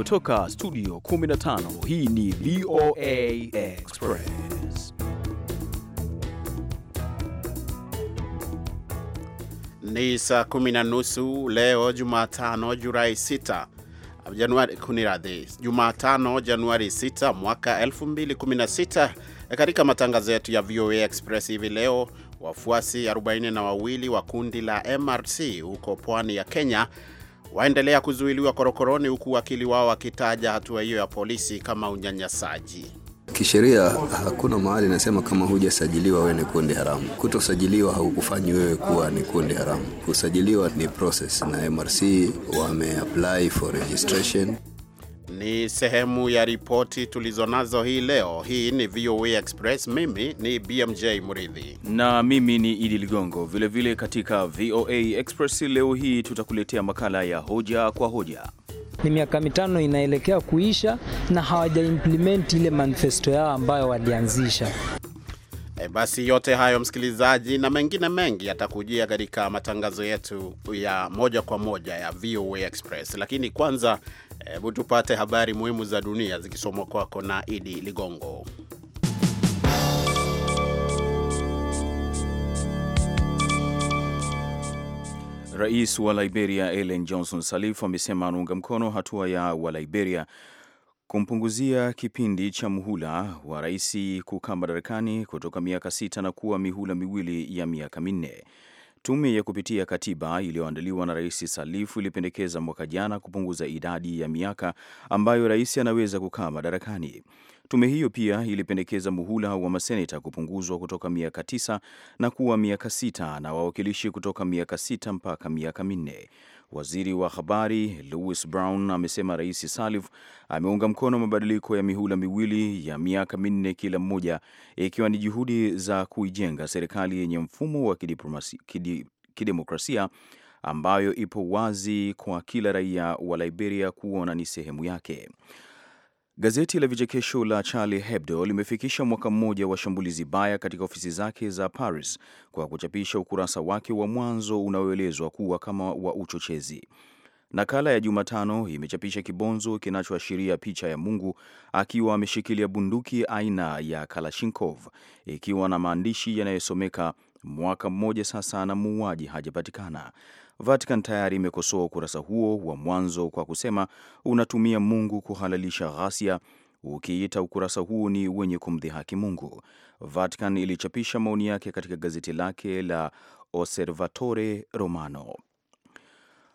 kutoka studio 15 hii ni VOA Express ni saa kumi na nusu leo Jumatano Julai 6 Januari kuniradhi, Jumatano Januari 6 mwaka 2016. E, katika matangazo yetu ya VOA Express hivi leo, wafuasi 42 wa kundi la MRC huko pwani ya Kenya waendelea kuzuiliwa korokoroni, huku wakili wao wakitaja hatua hiyo ya polisi kama unyanyasaji. Kisheria hakuna mahali inasema kama hujasajiliwa wewe ni kundi haramu. Kutosajiliwa haukufanyi wewe kuwa ni kundi haramu. Kusajiliwa ni process, na MRC wame fo for registration ni sehemu ya ripoti tulizonazo hii leo. Hii ni VOA Express. Mimi ni BMJ Muridhi na mimi ni Idi Ligongo. Vilevile katika VOA Express leo hii tutakuletea makala ya hoja kwa hoja. Ni miaka mitano inaelekea kuisha na hawajaimplimenti ile manifesto yao ambayo walianzisha. E, basi yote hayo msikilizaji, na mengine mengi yatakujia katika matangazo yetu ya moja kwa moja ya VOA Express, lakini kwanza, hebu eh, tupate habari muhimu za dunia zikisomwa kwako na Idi Ligongo. Rais wa Liberia Ellen Johnson Sirleaf amesema anaunga mkono hatua ya wa Liberia kumpunguzia kipindi cha muhula wa rais kukaa madarakani kutoka miaka sita na kuwa mihula miwili ya miaka minne. Tume ya kupitia katiba iliyoandaliwa na Rais Salifu ilipendekeza mwaka jana kupunguza idadi ya miaka ambayo rais anaweza kukaa madarakani. Tume hiyo pia ilipendekeza muhula wa maseneta kupunguzwa kutoka miaka tisa na kuwa miaka sita na wawakilishi kutoka miaka sita mpaka miaka minne. Waziri wa habari Louis Brown amesema Rais Salif ameunga mkono mabadiliko ya mihula miwili ya miaka minne kila mmoja, ikiwa ni juhudi za kuijenga serikali yenye mfumo wa kidemokrasia ambayo ipo wazi kwa kila raia wa Liberia kuona ni sehemu yake. Gazeti la vichekesho la Charlie Hebdo limefikisha mwaka mmoja wa shambulizi baya katika ofisi zake za Paris kwa kuchapisha ukurasa wake wa mwanzo unaoelezwa kuwa kama wa uchochezi. Nakala ya Jumatano imechapisha kibonzo kinachoashiria picha ya Mungu akiwa ameshikilia bunduki aina ya Kalashnikov ikiwa na maandishi yanayosomeka mwaka mmoja sasa na muuaji hajapatikana. Vatican tayari imekosoa ukurasa huo wa mwanzo kwa kusema unatumia Mungu kuhalalisha ghasia, ukiita ukurasa huu ni wenye kumdhihaki Mungu. Vatican ilichapisha maoni yake katika gazeti lake la Osservatore Romano.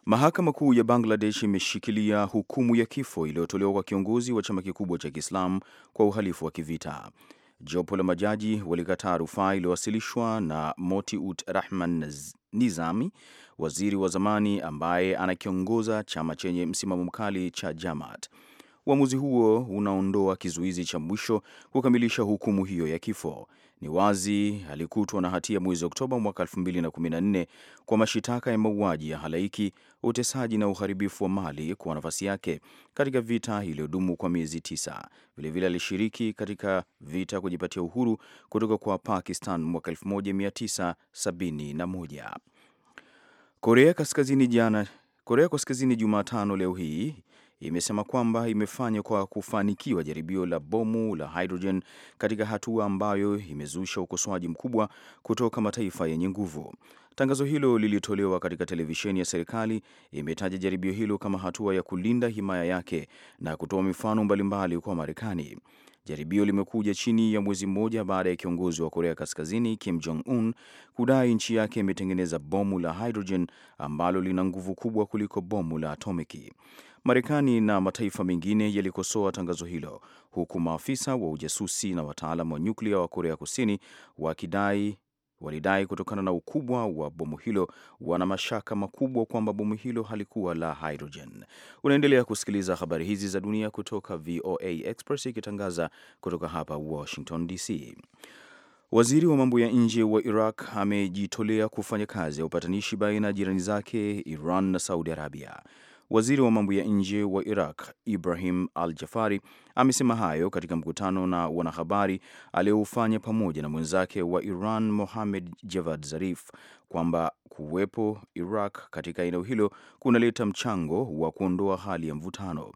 Mahakama Kuu ya Bangladesh imeshikilia hukumu ya kifo iliyotolewa kwa kiongozi wa chama kikubwa cha Kiislamu kwa uhalifu wa kivita. Jopo la majaji walikataa rufaa iliyowasilishwa na Motiur Rahman Nizami, waziri wa zamani ambaye anakiongoza chama chenye msimamo mkali cha Jamaat. Uamuzi huo unaondoa kizuizi cha mwisho kukamilisha hukumu hiyo ya kifo ni wazi alikutwa na hatia mwezi Oktoba mwaka 2014 kwa mashitaka ya mauaji ya halaiki, utesaji na uharibifu wa mali kwa nafasi yake katika vita iliyodumu kwa miezi tisa. Vilevile alishiriki katika vita kujipatia uhuru kutoka kwa Pakistan mwaka 1971. Korea Kaskazini jana Korea Kaskazini Jumatano leo hii imesema kwamba imefanya kwa kufanikiwa jaribio la bomu la hydrogen katika hatua ambayo imezusha ukosoaji mkubwa kutoka mataifa yenye nguvu. Tangazo hilo lilitolewa katika televisheni ya serikali, imetaja jaribio hilo kama hatua ya kulinda himaya yake na kutoa mifano mbalimbali kwa Marekani. Jaribio limekuja chini ya mwezi mmoja baada ya kiongozi wa Korea Kaskazini Kim Jong Un kudai nchi yake imetengeneza bomu la hydrogen ambalo lina nguvu kubwa kuliko bomu la atomiki. Marekani na mataifa mengine yalikosoa tangazo hilo, huku maafisa wa ujasusi na wataalamu wa nyuklia wa Korea Kusini wakidai walidai kutokana na ukubwa wa bomu hilo wana mashaka makubwa kwamba bomu hilo halikuwa la hydrogen. Unaendelea kusikiliza habari hizi za dunia kutoka VOA Express ikitangaza kutoka hapa Washington DC. Waziri wa mambo ya nje wa Iraq amejitolea kufanya kazi ya upatanishi baina ya jirani zake Iran na Saudi Arabia. Waziri wa mambo ya nje wa Iraq Ibrahim al-Jafari amesema hayo katika mkutano na wanahabari aliyoufanya pamoja na mwenzake wa Iran Mohamed Javad Zarif kwamba kuwepo Iraq katika eneo hilo kunaleta mchango wa kuondoa hali ya mvutano.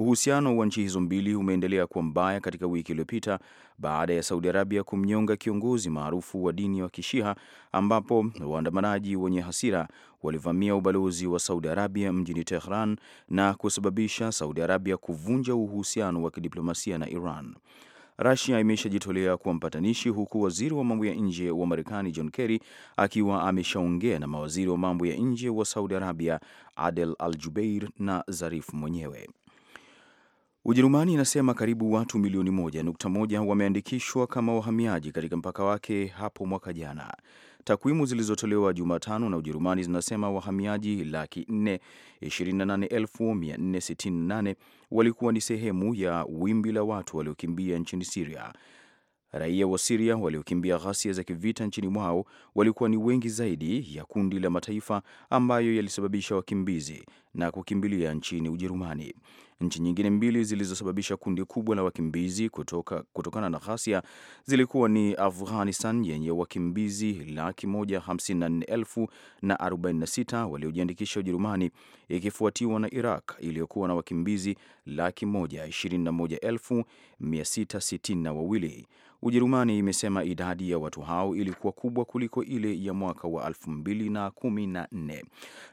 Uhusiano wa nchi hizo mbili umeendelea kuwa mbaya katika wiki iliyopita baada ya Saudi Arabia kumnyonga kiongozi maarufu wa dini wa Kishiha, ambapo waandamanaji wenye hasira walivamia ubalozi wa Saudi Arabia mjini Tehran na kusababisha Saudi Arabia kuvunja uhusiano wa kidiplomasia na Iran. Rasia imeshajitolea kuwa mpatanishi huku waziri wa mambo ya nje wa Marekani John Kerry akiwa ameshaongea na mawaziri wa mambo ya nje wa Saudi Arabia Adel Al Jubeir na Zarif mwenyewe. Ujerumani inasema karibu watu milioni moja wameandikishwa kama wahamiaji katika mpaka wake hapo mwaka jana. Takwimu zilizotolewa Jumatano na Ujerumani zinasema wahamiaji laki 428468 walikuwa ni sehemu ya wimbi la watu waliokimbia nchini Siria. Raia wa Siria waliokimbia ghasia za kivita nchini mwao walikuwa ni wengi zaidi ya kundi la mataifa ambayo yalisababisha wakimbizi na kukimbilia nchini Ujerumani. Nchi nyingine mbili zilizosababisha kundi kubwa la wakimbizi kutoka, kutokana na ghasia zilikuwa ni Afghanistan yenye wakimbizi laki moja hamsini na nne elfu na arobaini na sita waliojiandikisha Ujerumani, ikifuatiwa na Iraq iliyokuwa na wakimbizi laki moja ishirini na moja elfu mia sita sitini na wawili. Ujerumani imesema idadi ya watu hao ilikuwa kubwa kuliko ile ya mwaka wa 2014 na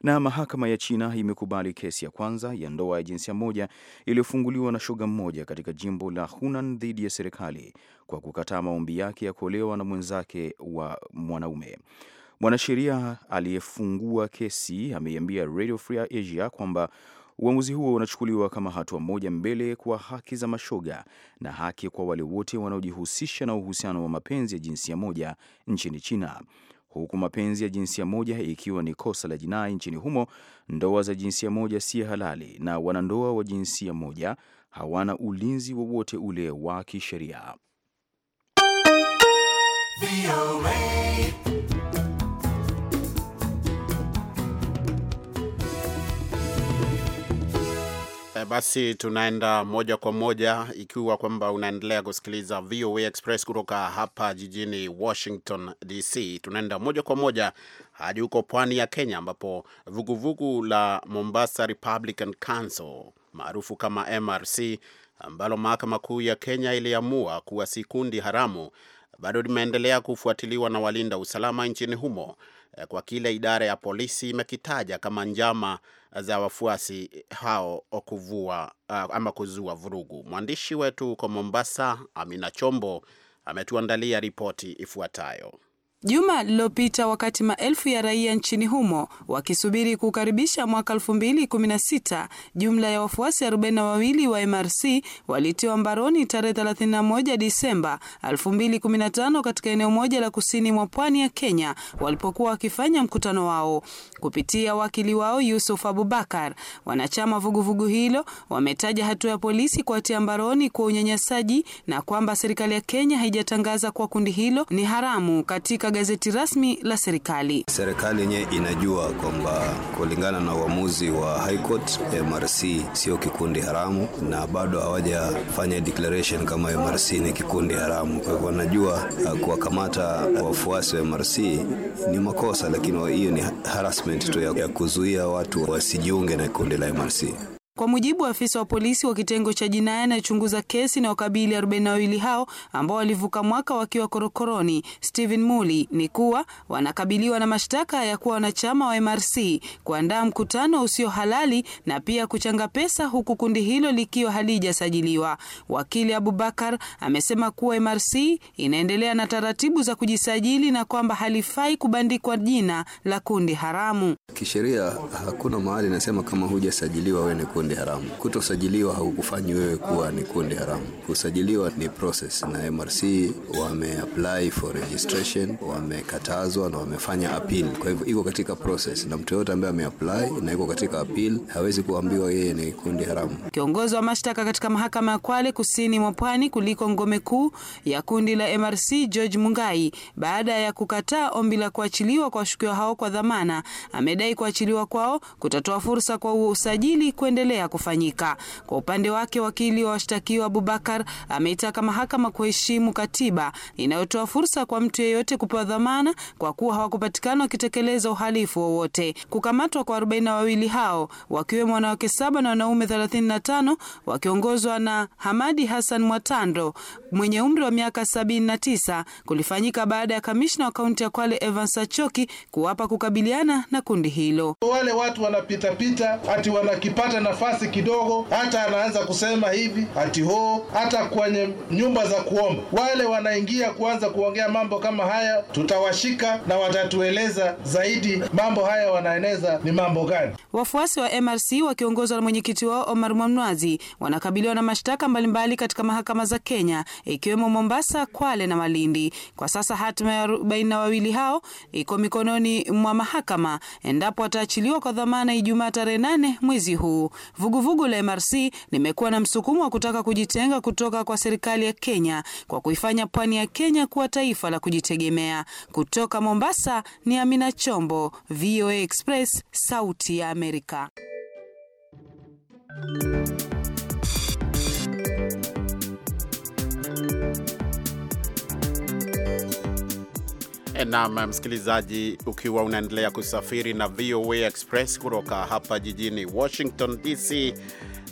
na mahakama ya China imekubali kesi ya kwanza ya ndoa ya jinsia moja iliyofunguliwa na shoga mmoja katika jimbo la Hunan dhidi ya serikali kwa kukataa maombi yake ya kuolewa na mwenzake wa mwanaume. Mwanasheria aliyefungua kesi ameiambia Radio Free Asia kwamba Uamuzi huo unachukuliwa kama hatua moja mbele kwa haki za mashoga na haki kwa wale wote wanaojihusisha na uhusiano wa mapenzi ya jinsia moja nchini China, huku mapenzi ya jinsia moja ikiwa ni kosa la jinai nchini humo. Ndoa za jinsia moja si halali na wanandoa wa jinsia moja hawana ulinzi wowote ule wa kisheria. basi tunaenda moja kwa moja, ikiwa kwamba unaendelea kusikiliza VOA Express kutoka hapa jijini Washington DC. Tunaenda moja kwa moja hadi huko pwani ya Kenya, ambapo vuguvugu la Mombasa Republican Council maarufu kama MRC, ambalo mahakama kuu ya Kenya iliamua kuwa si kundi haramu, bado limeendelea kufuatiliwa na walinda usalama nchini humo Eh, kwa kile idara ya polisi imekitaja kama njama za wafuasi hao kuvua eh, ama kuzua vurugu. Mwandishi wetu huko Mombasa, Amina Chombo, ametuandalia ripoti ifuatayo. Juma lililopita wakati maelfu ya raia nchini humo wakisubiri kukaribisha mwaka 2016, jumla ya wafuasi 42 wa MRC walitiwa mbaroni tarehe 31 Disemba 2015 katika eneo moja la kusini mwa pwani ya Kenya walipokuwa wakifanya mkutano wao. Kupitia wakili wao Yusuf Abubakar, wanachama vuguvugu hilo wametaja hatua ya polisi kuwatia mbaroni kwa unyanyasaji na kwamba serikali ya Kenya haijatangaza kuwa kundi hilo ni haramu katika gazeti rasmi la serikali. Serikali yenyewe inajua kwamba kulingana na uamuzi wa High Court, MRC sio kikundi haramu na bado hawajafanya declaration kama MRC ni kikundi haramu. Kwa hivyo wanajua uh, kuwakamata wafuasi wa MRC ni makosa, lakini hiyo ni harassment tu ya kuzuia watu wasijiunge na kundi la MRC. Kwa mujibu wa afisa wa polisi wa kitengo cha jinai anayechunguza kesi na wakabili arobaini na wawili hao ambao walivuka mwaka wakiwa korokoroni, Stephen Muli, ni kuwa wanakabiliwa na mashtaka ya kuwa wanachama wa MRC, kuandaa mkutano usio halali na pia kuchanga pesa, huku kundi hilo likiwa halijasajiliwa. Wakili Abubakar amesema kuwa MRC inaendelea na taratibu za kujisajili na kwamba halifai kubandikwa jina la kundi haramu. Kisheria hakuna mahali inasema kama hujasajiliwa wewe ni kundi kundi haramu. Kutosajiliwa haukufanyi wewe kuwa ni kundi haramu. Kusajiliwa ni process, na MRC wame apply for registration, wamekatazwa na wamefanya appeal. Kwa hivyo iko katika process, na mtu yoyote ambaye ameapply na iko katika appeal hawezi kuambiwa yeye ni kundi haramu. Kiongozi wa mashtaka katika mahakama ya Kwale kusini mwa Pwani kuliko ngome kuu ya kundi la MRC George Mungai, baada ya kukataa ombi la kuachiliwa kwa washukiwa hao kwa dhamana, amedai kuachiliwa kwao kutatoa fursa kwa usajili kuendelea yanaendelea kufanyika. Kwa upande wake, wakili wa washtakiwa Abubakar ameitaka mahakama kuheshimu katiba inayotoa fursa kwa mtu yeyote kupewa dhamana kwa kuwa hawakupatikana wakitekeleza uhalifu wowote. Kukamatwa kwa arobaini na wawili hao wakiwemo wanawake saba na wanaume 35 wakiongozwa na Hamadi Hassan Mwatando mwenye umri wa miaka tisa kulifanyika baada ya kamishna wa kaunti ya Kwale Evans Achoki kuwapa kukabiliana na kundi hilo. Wale watu wanapitapita ati wanakipata nafasi nafasi kidogo, hata anaanza kusema hivi ati ho, hata kwenye nyumba za kuomba wale wanaingia kuanza kuongea mambo kama haya, tutawashika na watatueleza zaidi mambo haya wanaeneza ni mambo gani. Wafuasi wa MRC wakiongozwa na mwenyekiti wao Omar Mwamnwazi wanakabiliwa na mashtaka mbalimbali katika mahakama za Kenya ikiwemo Mombasa, Kwale na Malindi. Kwa sasa hatima ya arobaini na wawili hao iko mikononi mwa mahakama endapo wataachiliwa kwa dhamana Ijumaa tarehe nane mwezi huu. Vuguvugu la MRC limekuwa na msukumo wa kutaka kujitenga kutoka kwa serikali ya Kenya kwa kuifanya pwani ya Kenya kuwa taifa la kujitegemea. Kutoka Mombasa ni Amina Chombo, VOA Express, Sauti ya Amerika. nam msikilizaji, ukiwa unaendelea kusafiri na VOA Express kutoka hapa jijini Washington DC,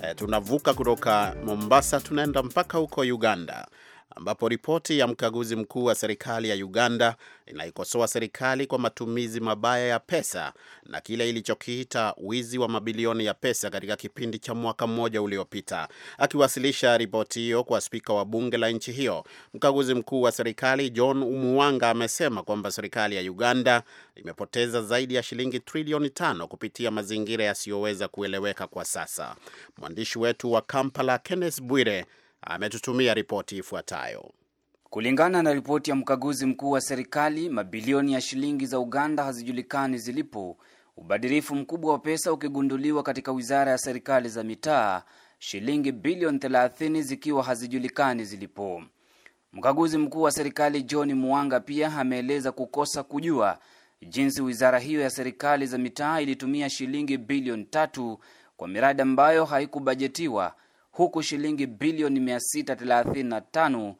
eh, tunavuka kutoka Mombasa tunaenda mpaka huko Uganda ambapo ripoti ya mkaguzi mkuu wa serikali ya Uganda inaikosoa serikali kwa matumizi mabaya ya pesa na kile ilichokiita wizi wa mabilioni ya pesa katika kipindi cha mwaka mmoja uliopita. Akiwasilisha ripoti hiyo kwa spika wa bunge la nchi hiyo, mkaguzi mkuu wa serikali John Umuwanga amesema kwamba serikali ya Uganda imepoteza zaidi ya shilingi trilioni tano kupitia mazingira yasiyoweza kueleweka kwa sasa. Mwandishi wetu wa Kampala Kenneth Bwire ametutumia ripoti ifuatayo. Kulingana na ripoti ya mkaguzi mkuu wa serikali, mabilioni ya shilingi za Uganda hazijulikani zilipo, ubadirifu mkubwa wa pesa ukigunduliwa katika wizara ya serikali za mitaa, shilingi bilioni 30 zikiwa hazijulikani zilipo. Mkaguzi mkuu wa serikali John Mwanga pia ameeleza kukosa kujua jinsi wizara hiyo ya serikali za mitaa ilitumia shilingi bilioni tatu kwa miradi ambayo haikubajetiwa huku shilingi bilioni 635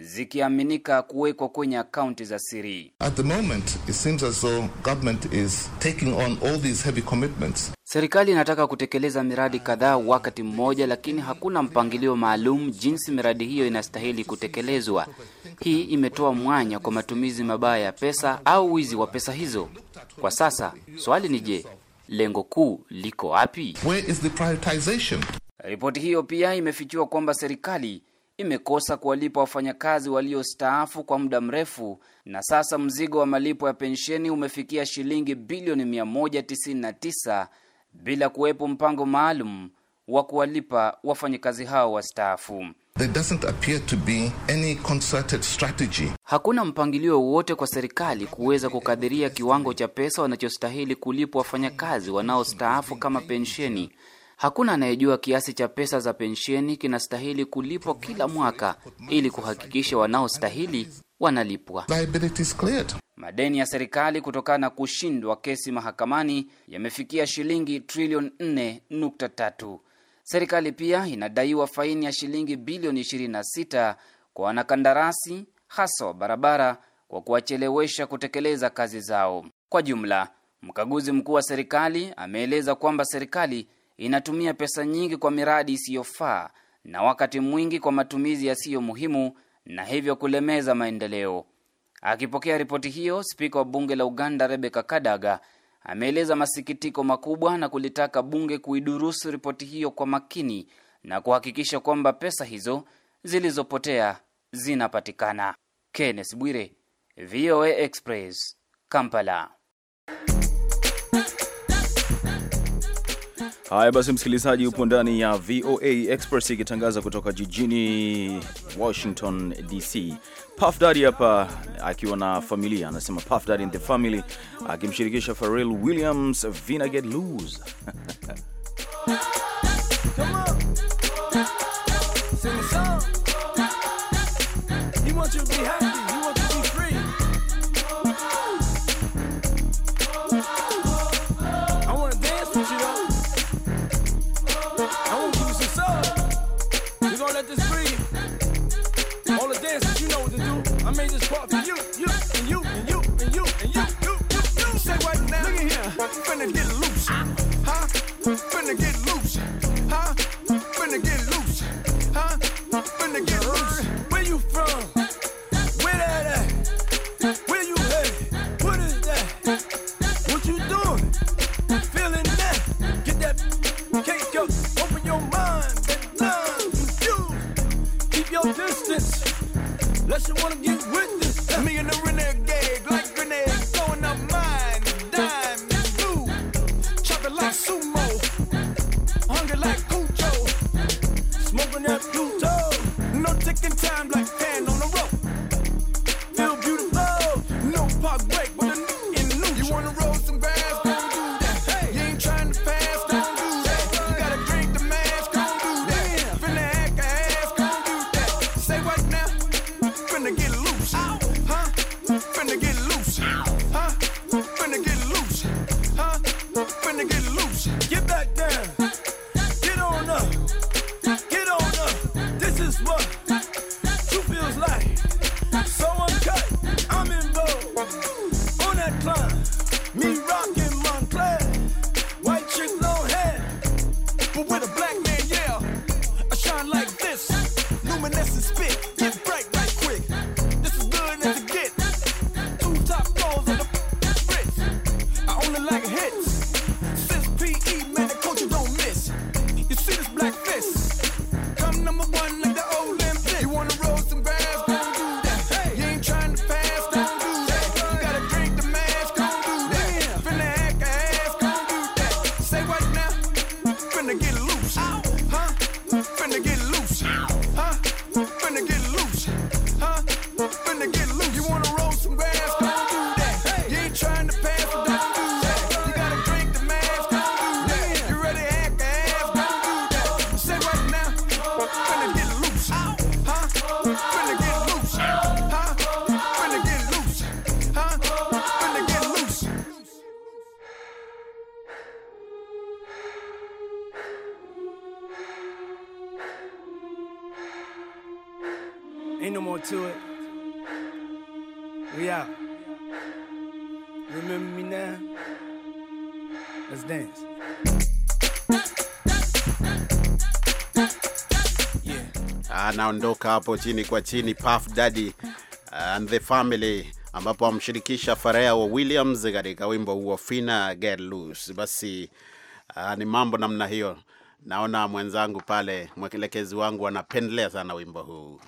zikiaminika kuwekwa kwenye akaunti za siri. At the moment it seems as though government is taking on all these heavy commitments. Serikali inataka kutekeleza miradi kadhaa wakati mmoja, lakini hakuna mpangilio maalum jinsi miradi hiyo inastahili kutekelezwa. Hii imetoa mwanya kwa matumizi mabaya ya pesa au wizi wa pesa hizo. Kwa sasa swali ni je, lengo kuu liko wapi? Where is the prioritization? Ripoti hiyo pia imefichua kwamba serikali imekosa kuwalipa wafanyakazi waliostaafu kwa muda mrefu na sasa mzigo wa malipo ya pensheni umefikia shilingi bilioni 199 bila kuwepo mpango maalum wa kuwalipa wafanyakazi hao wastaafu. There doesn't appear to be any concerted strategy. Hakuna mpangilio wowote kwa serikali kuweza kukadhiria kiwango cha pesa wanachostahili kulipwa wafanyakazi wanaostaafu kama pensheni Hakuna anayejua kiasi cha pesa za pensheni kinastahili kulipwa kila mwaka ili kuhakikisha wanaostahili wanalipwa. Madeni ya serikali kutokana na kushindwa kesi mahakamani yamefikia shilingi trilioni 4.3. Serikali pia inadaiwa faini ya shilingi bilioni 26 kwa wanakandarasi hasa wa barabara kwa kuwachelewesha kutekeleza kazi zao. Kwa jumla, mkaguzi mkuu wa serikali ameeleza kwamba serikali inatumia pesa nyingi kwa miradi isiyofaa na wakati mwingi kwa matumizi yasiyo muhimu na hivyo kulemeza maendeleo. Akipokea ripoti hiyo, spika wa bunge la Uganda Rebecca Kadaga ameeleza masikitiko makubwa na kulitaka bunge kuidurusu ripoti hiyo kwa makini na kuhakikisha kwamba pesa hizo zilizopotea zinapatikana. Kenneth Bwire, VOA Express, Kampala. Haya basi, msikilizaji, upo ndani ya VOA Express ikitangaza kutoka jijini Washington DC. Puff Daddy hapa akiwa na familia, anasema Puff Daddy and the family, akimshirikisha Pharrell Williams vina get loose strangers walk for you, you, and you, and you, and you, and you, you, you, you. Say what now? Look at here. Finna get loose. Huh? Finna get loose. Huh? Finna get loose. Huh? Finna get loose. Where you from? loose. Huh? Finna get loose. Get back down. anaondoka hapo chini kwa chini, Puff Daddy uh, and the Family, ambapo amshirikisha Pharrell Williams katika wimbo huo Fina Get Loose. Basi uh, ni mambo namna hiyo. Naona mwenzangu pale, mwelekezi wangu anapendelea sana wimbo huu.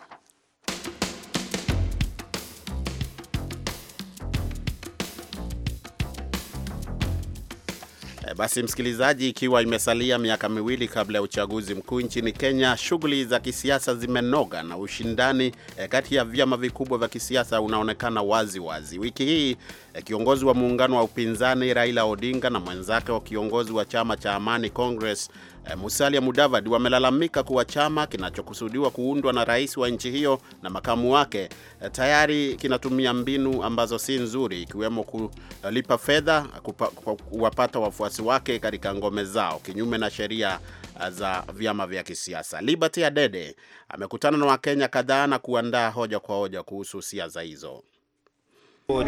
Eh, basi msikilizaji, ikiwa imesalia miaka miwili kabla ya uchaguzi mkuu nchini Kenya, shughuli za kisiasa zimenoga na ushindani eh, kati ya vyama vikubwa vya kisiasa unaonekana wazi wazi. Wiki hii eh, kiongozi wa muungano wa upinzani Raila Odinga na mwenzake wa kiongozi wa chama cha Amani Congress Eh, Musalia Mudavadi wamelalamika kuwa chama kinachokusudiwa kuundwa na rais wa nchi hiyo na makamu wake eh, tayari kinatumia mbinu ambazo si nzuri, ikiwemo kulipa fedha kuwapata wafuasi wake katika ngome zao kinyume na sheria eh, za vyama vya kisiasa. Liberty Adede amekutana na Wakenya kadhaa na kuandaa hoja kwa hoja kuhusu siasa hizo.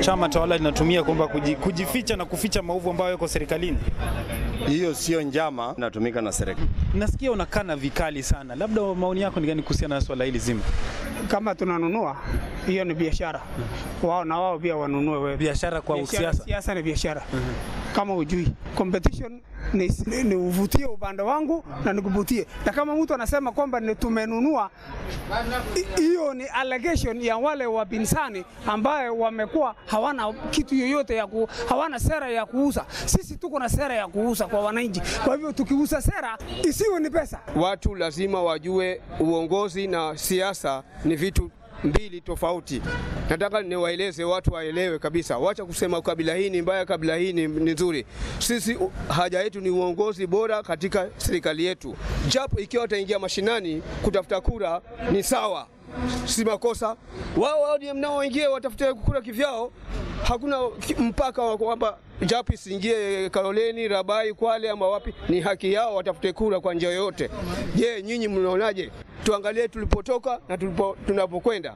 Chama tawala linatumia kwamba kujificha na kuficha maovu ambayo yako serikalini. Hiyo sio njama, inatumika na serikali. Nasikia unakana vikali sana, labda maoni yako ni gani kuhusiana na swala hili zima? Kama tunanunua hiyo ni biashara, wao na wao pia wanunue. Wewe biashara kwa usiasa, siasa ni biashara. mm -hmm kama ujui. Competition ni, ni, ni uvutie upande wangu na nikuvutie, na kama mtu anasema kwamba ni tumenunua, hiyo ni allegation ya wale wapinzani ambaye wamekuwa hawana kitu yoyote ya ku, hawana sera ya kuuza. Sisi tuko na sera ya kuuza kwa wananchi, kwa hivyo tukiuza sera isiwe ni pesa. Watu lazima wajue uongozi na siasa ni vitu mbili tofauti. Nataka niwaeleze watu waelewe kabisa, wacha kusema kabila hii ni mbaya, kabila hii ni nzuri. Sisi haja yetu ni uongozi bora katika serikali yetu, japo ikiwa wataingia mashinani kutafuta kura ni sawa, si makosa wao. Wao ndio mnaoingia watafuta kura kivyao, hakuna mpaka wa kwamba japi siingie Kaloleni, Rabai, Kwale ama wapi, ni haki yao, watafute kura kwa njia yoyote. Je, nyinyi mnaonaje? Tuangalie tulipotoka na tulipo, tunapokwenda.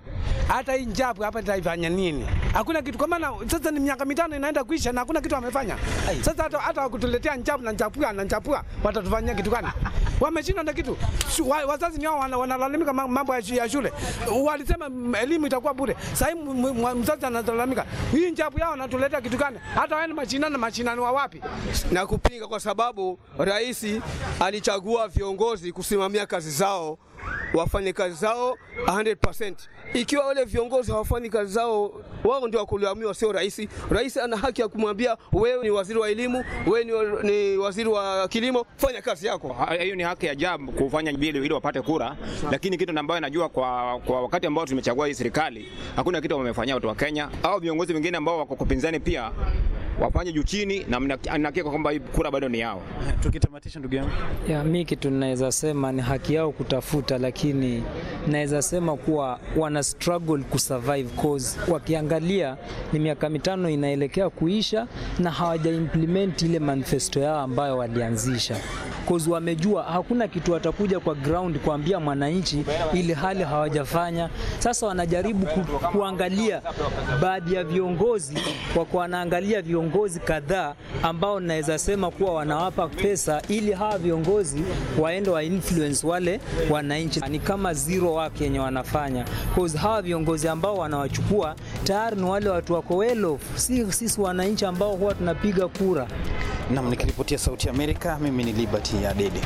Hata hii njapu hapa nitaifanya nini? Hakuna kitu, kwa maana sasa ni miaka mitano inaenda kuisha na hakuna kitu amefanya. Sasa hata hata wakutuletea njapu na njapu na njapu watatufanyia kitu gani? Wameshinda na kitu. Wazazi ni wao wanalalamika mambo ya shule, walisema elimu itakuwa bure. Sasa mzazi analalamika hii njapu yao, anatuletea kitu gani? hata wao mnashindana mashindano wapi? Na kupinga kwa sababu rais alichagua viongozi kusimamia kazi zao wafanye kazi zao 100%. Ikiwa wale viongozi hawafanyi kazi zao, wao ndio wakulaumiwa, sio rais. Rais ana haki ya kumwambia wewe ni waziri wa elimu, wewe ni, waziri wa kilimo, fanya kazi yako. Hiyo ni haki ya jambo kufanya bili ili wapate kura, lakini kitu ambayo najua kwa, kwa wakati ambao tumechagua hii serikali hakuna kitu wamefanyia watu wa Kenya au viongozi wengine ambao wako kupinzani pia wafanye juu chini, na nakika kwamba kura bado ni yao. Tukitamatisha ndugu yangu, ya mimi kitu naweza sema ni haki yao kutafuta, lakini naweza sema kuwa wana struggle kusurvive cause wakiangalia ni miaka mitano inaelekea kuisha na hawaja implement ile manifesto yao ambayo walianzisha kozi wamejua hakuna kitu watakuja kwa ground kuambia mwananchi ili hali hawajafanya. Sasa wanajaribu ku, kuangalia baadhi ya viongozi kwa wanaangalia viongozi kadhaa ambao naweza sema kuwa wanawapa pesa ili hawa viongozi waende wa influence wale wananchi. Ni kama zero wake yenye wanafanya cause hawa viongozi ambao wanawachukua tayari ni wale watu wako well off, si sisi wananchi ambao huwa tunapiga kura. Nam, nikiripotia Sauti ya Amerika, mimi ni Liberty ya Dede.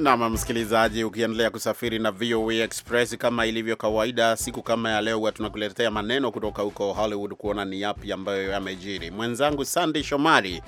Nam msikilizaji, ukiendelea kusafiri na VOA Express kama ilivyo kawaida, siku kama ya leo huwa tunakuletea maneno kutoka huko Hollywood kuona ni yapi ambayo yamejiri. Mwenzangu Sandy Shomari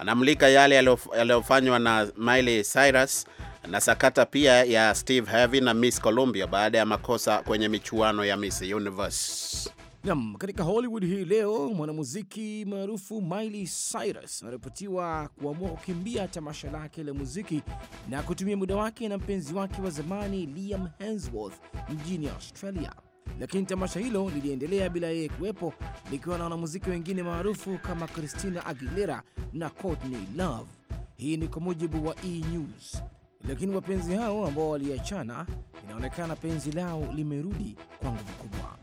anamulika yale yaliyofanywa na Miley Cyrus na sakata pia ya Steve Harvey na Miss columbia baada ya makosa kwenye michuano ya Miss Universe. Nam, katika Hollywood hii leo mwanamuziki maarufu Miley Cyrus anaripotiwa kuamua kukimbia tamasha lake la muziki na kutumia muda wake na mpenzi wake wa zamani Liam Hemsworth mjini Australia, lakini tamasha hilo liliendelea bila yeye kuwepo, likiwa na wanamuziki wengine maarufu kama Christina Aguilera na Courtney Love. Hii ni kwa mujibu wa E News lakini wapenzi hao ambao waliachana, inaonekana penzi lao limerudi kwa nguvu kubwa.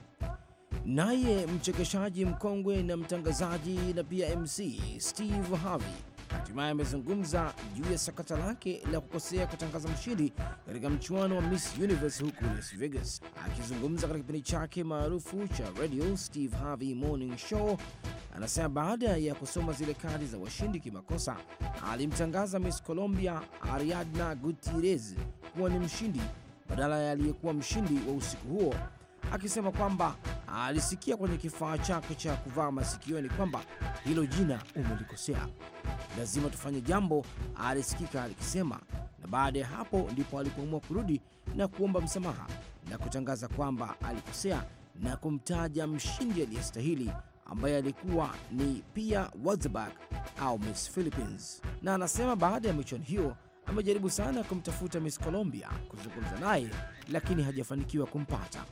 Naye mchekeshaji mkongwe na mtangazaji na pia MC Steve Harvey hatimaye amezungumza juu ya sakata lake la kukosea kutangaza mshindi katika mchuano wa Miss Universe huku Las Vegas. Akizungumza katika kipindi chake maarufu cha radio Steve Harvey Morning Show anasema baada ya kusoma zile kadi za washindi kimakosa, alimtangaza Miss Colombia Ariadna Gutierrez kuwa ni mshindi badala ya aliyekuwa mshindi wa usiku huo, akisema kwamba alisikia kwenye kifaa chake cha kuvaa masikioni kwamba hilo jina umelikosea, lazima tufanye jambo, alisikika alikisema. Na baada ya hapo ndipo alipoamua kurudi na kuomba msamaha na kutangaza kwamba alikosea na kumtaja mshindi aliyestahili ambaye alikuwa ni Pia Wurtzbach au Miss Philippines, na anasema baada ya michuano hiyo amejaribu sana kumtafuta Miss Colombia kuzungumza naye, lakini hajafanikiwa kumpata,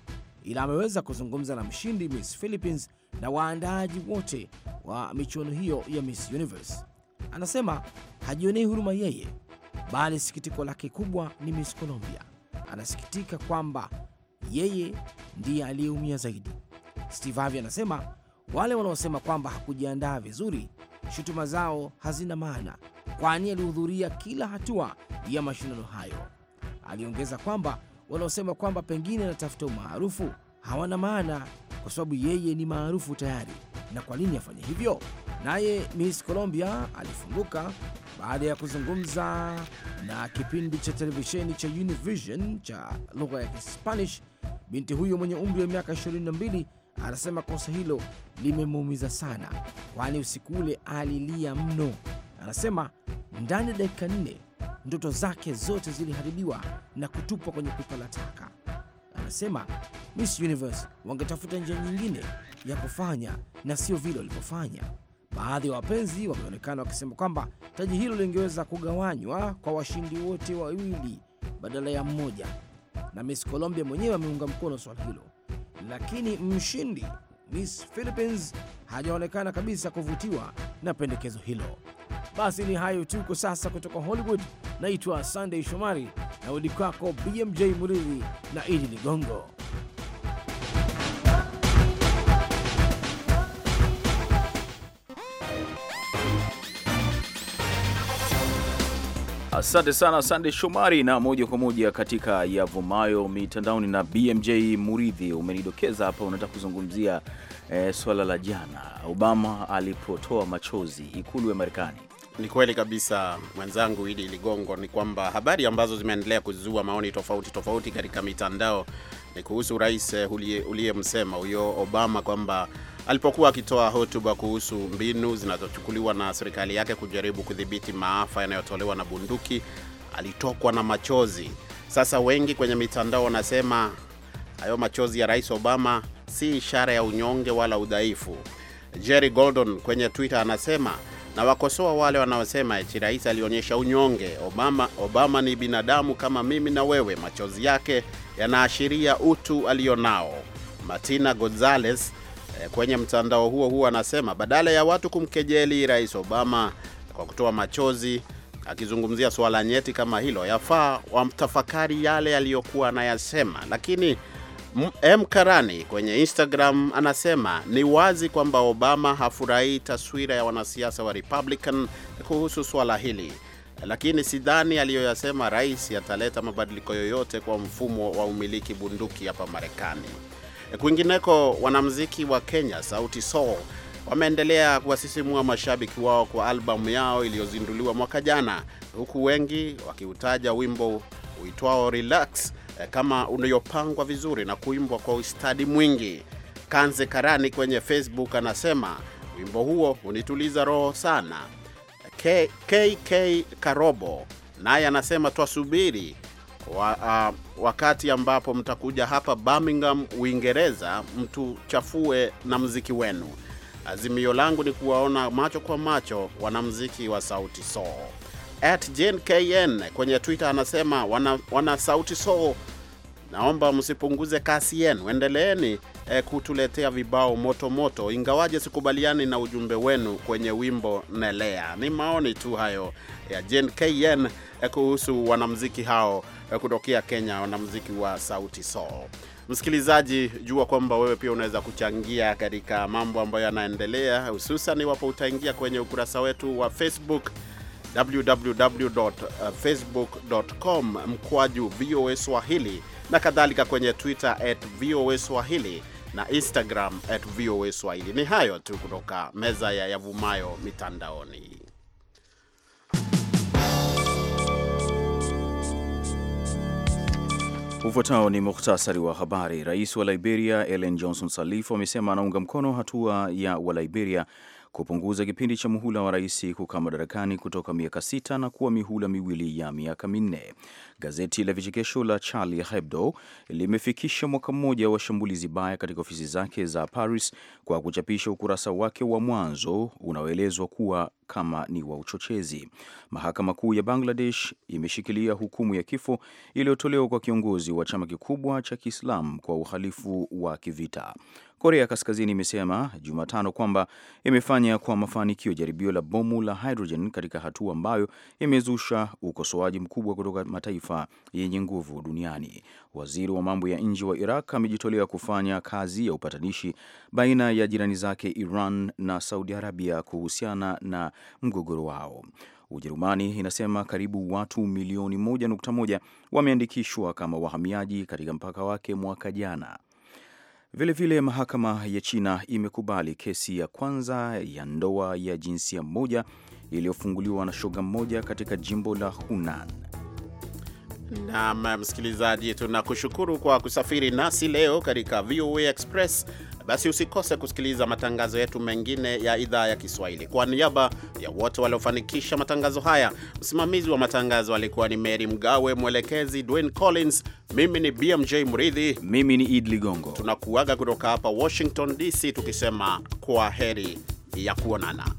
ila ameweza kuzungumza na mshindi Miss Philippines na waandaaji wote wa michuano hiyo ya Miss Universe. Anasema hajionei huruma yeye, bali sikitiko lake kubwa ni Miss Colombia. Anasikitika kwamba yeye ndiye aliyeumia zaidi. Steve Harvey anasema wale wanaosema kwamba hakujiandaa vizuri, shutuma zao hazina maana, kwani alihudhuria kila hatua ya mashindano hayo. Aliongeza kwamba wanaosema kwamba pengine anatafuta umaarufu hawana maana, kwa sababu yeye ni maarufu tayari, na kwa nini afanye hivyo? Naye Miss Colombia alifunguka baada ya kuzungumza na kipindi cha televisheni cha Univision cha lugha ya Kispanish. Binti huyo mwenye umri wa miaka 22 anasema kosa hilo limemuumiza sana, kwani usiku ule alilia mno. Anasema ndani ya dakika nne ndoto zake zote ziliharibiwa na kutupwa kwenye pipa la taka. Anasema Miss Universe wangetafuta njia nyingine ya kufanya na sio vile walivyofanya. Baadhi ya wapenzi wameonekana wakisema kwamba taji hilo lingeweza kugawanywa kwa washindi wote wawili badala ya mmoja, na Miss Colombia mwenyewe ameunga mkono swala hilo lakini mshindi Miss Philippines hajaonekana kabisa kuvutiwa na pendekezo hilo. Basi ni hayo tu kwa sasa kutoka Hollywood. Naitwa Sunday Shomari na udi kwako BMJ Muridhi na Idi Ligongo. Asante sana Sande Shomari, na moja kwa moja katika yavumayo mitandaoni na BMJ Muridhi. Umenidokeza hapa unataka kuzungumzia e, swala la jana Obama alipotoa machozi ikulu ya Marekani. Ni kweli kabisa mwenzangu Idi Ligongo, ni kwamba habari ambazo zimeendelea kuzua maoni tofauti tofauti katika mitandao ni kuhusu rais eh, uliyemsema huyo Obama kwamba alipokuwa akitoa hotuba kuhusu mbinu zinazochukuliwa na serikali yake kujaribu kudhibiti maafa yanayotolewa na bunduki, alitokwa na machozi. Sasa wengi kwenye mitandao wanasema hayo machozi ya Rais Obama si ishara ya unyonge wala udhaifu. Jerry Goldon kwenye Twitter anasema na wakosoa wale wanaosema eti rais alionyesha unyonge. Obama, Obama ni binadamu kama mimi na wewe, machozi yake yanaashiria utu alionao. Martina Gonzalez Eh, kwenye mtandao huo huo anasema badala ya watu kumkejeli Rais Obama kwa kutoa machozi akizungumzia suala nyeti kama hilo, yafaa wamtafakari yale aliyokuwa anayasema. Lakini M Karani kwenye Instagram anasema ni wazi kwamba Obama hafurahii taswira ya wanasiasa wa Republican kuhusu suala hili, lakini sidhani aliyoyasema rais yataleta mabadiliko yoyote kwa mfumo wa umiliki bunduki hapa Marekani. Kwingineko, wanamziki wa Kenya Sauti Sol wameendelea kuwasisimua mashabiki wao kwa albamu yao iliyozinduliwa mwaka jana, huku wengi wakiutaja wimbo uitwao Relax eh, kama uliopangwa vizuri na kuimbwa kwa ustadi mwingi. Kanze Karani kwenye Facebook anasema wimbo huo unituliza roho sana. KK Karobo naye anasema twasubiri wa, uh, ah, wakati ambapo mtakuja hapa Birmingham, Uingereza, mtuchafue na mziki wenu. Azimio langu ni kuwaona macho kwa macho wanamziki wa Sauti Sol. At Jane KN kwenye Twitter anasema wana, wana Sauti Sol, naomba msipunguze kasi yenu, endeleeni eh, kutuletea vibao moto moto, ingawaje sikubaliani na ujumbe wenu kwenye wimbo Nelea. Ni maoni tu hayo ya Jane KN Eh, kuhusu wanamziki hao eh, kutokea Kenya, wanamziki wa Sauti Sol. Msikilizaji, jua kwamba wewe pia unaweza kuchangia katika mambo ambayo yanaendelea, hususan iwapo utaingia kwenye ukurasa wetu wa Facebook www.facebook.com mkwaju VOA Swahili na kadhalika, kwenye Twitter at VOA Swahili na Instagram at VOA Swahili. Ni hayo tu kutoka meza ya yavumayo mitandaoni. Ufuatao ni muhtasari wa habari. Rais wa Liberia Ellen Johnson Sirleaf amesema anaunga mkono hatua ya Waliberia kupunguza kipindi cha muhula wa rais kukaa madarakani kutoka miaka sita na kuwa mihula miwili ya miaka minne. Gazeti la vichekesho la Charlie Hebdo limefikisha mwaka mmoja wa shambulizi baya katika ofisi zake za Paris kwa kuchapisha ukurasa wake wa mwanzo unaoelezwa kuwa kama ni wa uchochezi. Mahakama Kuu ya Bangladesh imeshikilia hukumu ya kifo iliyotolewa kwa kiongozi wa chama kikubwa cha Kiislamu kwa uhalifu wa kivita. Korea Kaskazini imesema Jumatano kwamba imefanya kwa mafanikio jaribio la bomu la hydrogen katika hatua ambayo imezusha ukosoaji mkubwa kutoka mataifa yenye nguvu duniani. Waziri wa mambo ya nje wa Iraq amejitolea kufanya kazi ya upatanishi baina ya jirani zake Iran na Saudi Arabia kuhusiana na mgogoro wao. Ujerumani inasema karibu watu milioni 1.1 wameandikishwa kama wahamiaji katika mpaka wake mwaka jana. Vilevile vile mahakama ya China imekubali kesi ya kwanza ya ndoa ya jinsia moja iliyofunguliwa na shoga mmoja katika jimbo la Hunan. Naam msikilizaji, tunakushukuru kwa kusafiri nasi leo katika VOA Express basi usikose kusikiliza matangazo yetu mengine ya idhaa ya Kiswahili. Kwa niaba ya wote waliofanikisha matangazo haya, msimamizi wa matangazo alikuwa ni Mary Mgawe, mwelekezi Dwayne Collins, mimi ni BMJ mridhi mimi ni Id Ligongo. Tunakuaga kutoka hapa Washington DC tukisema kwa heri ya kuonana.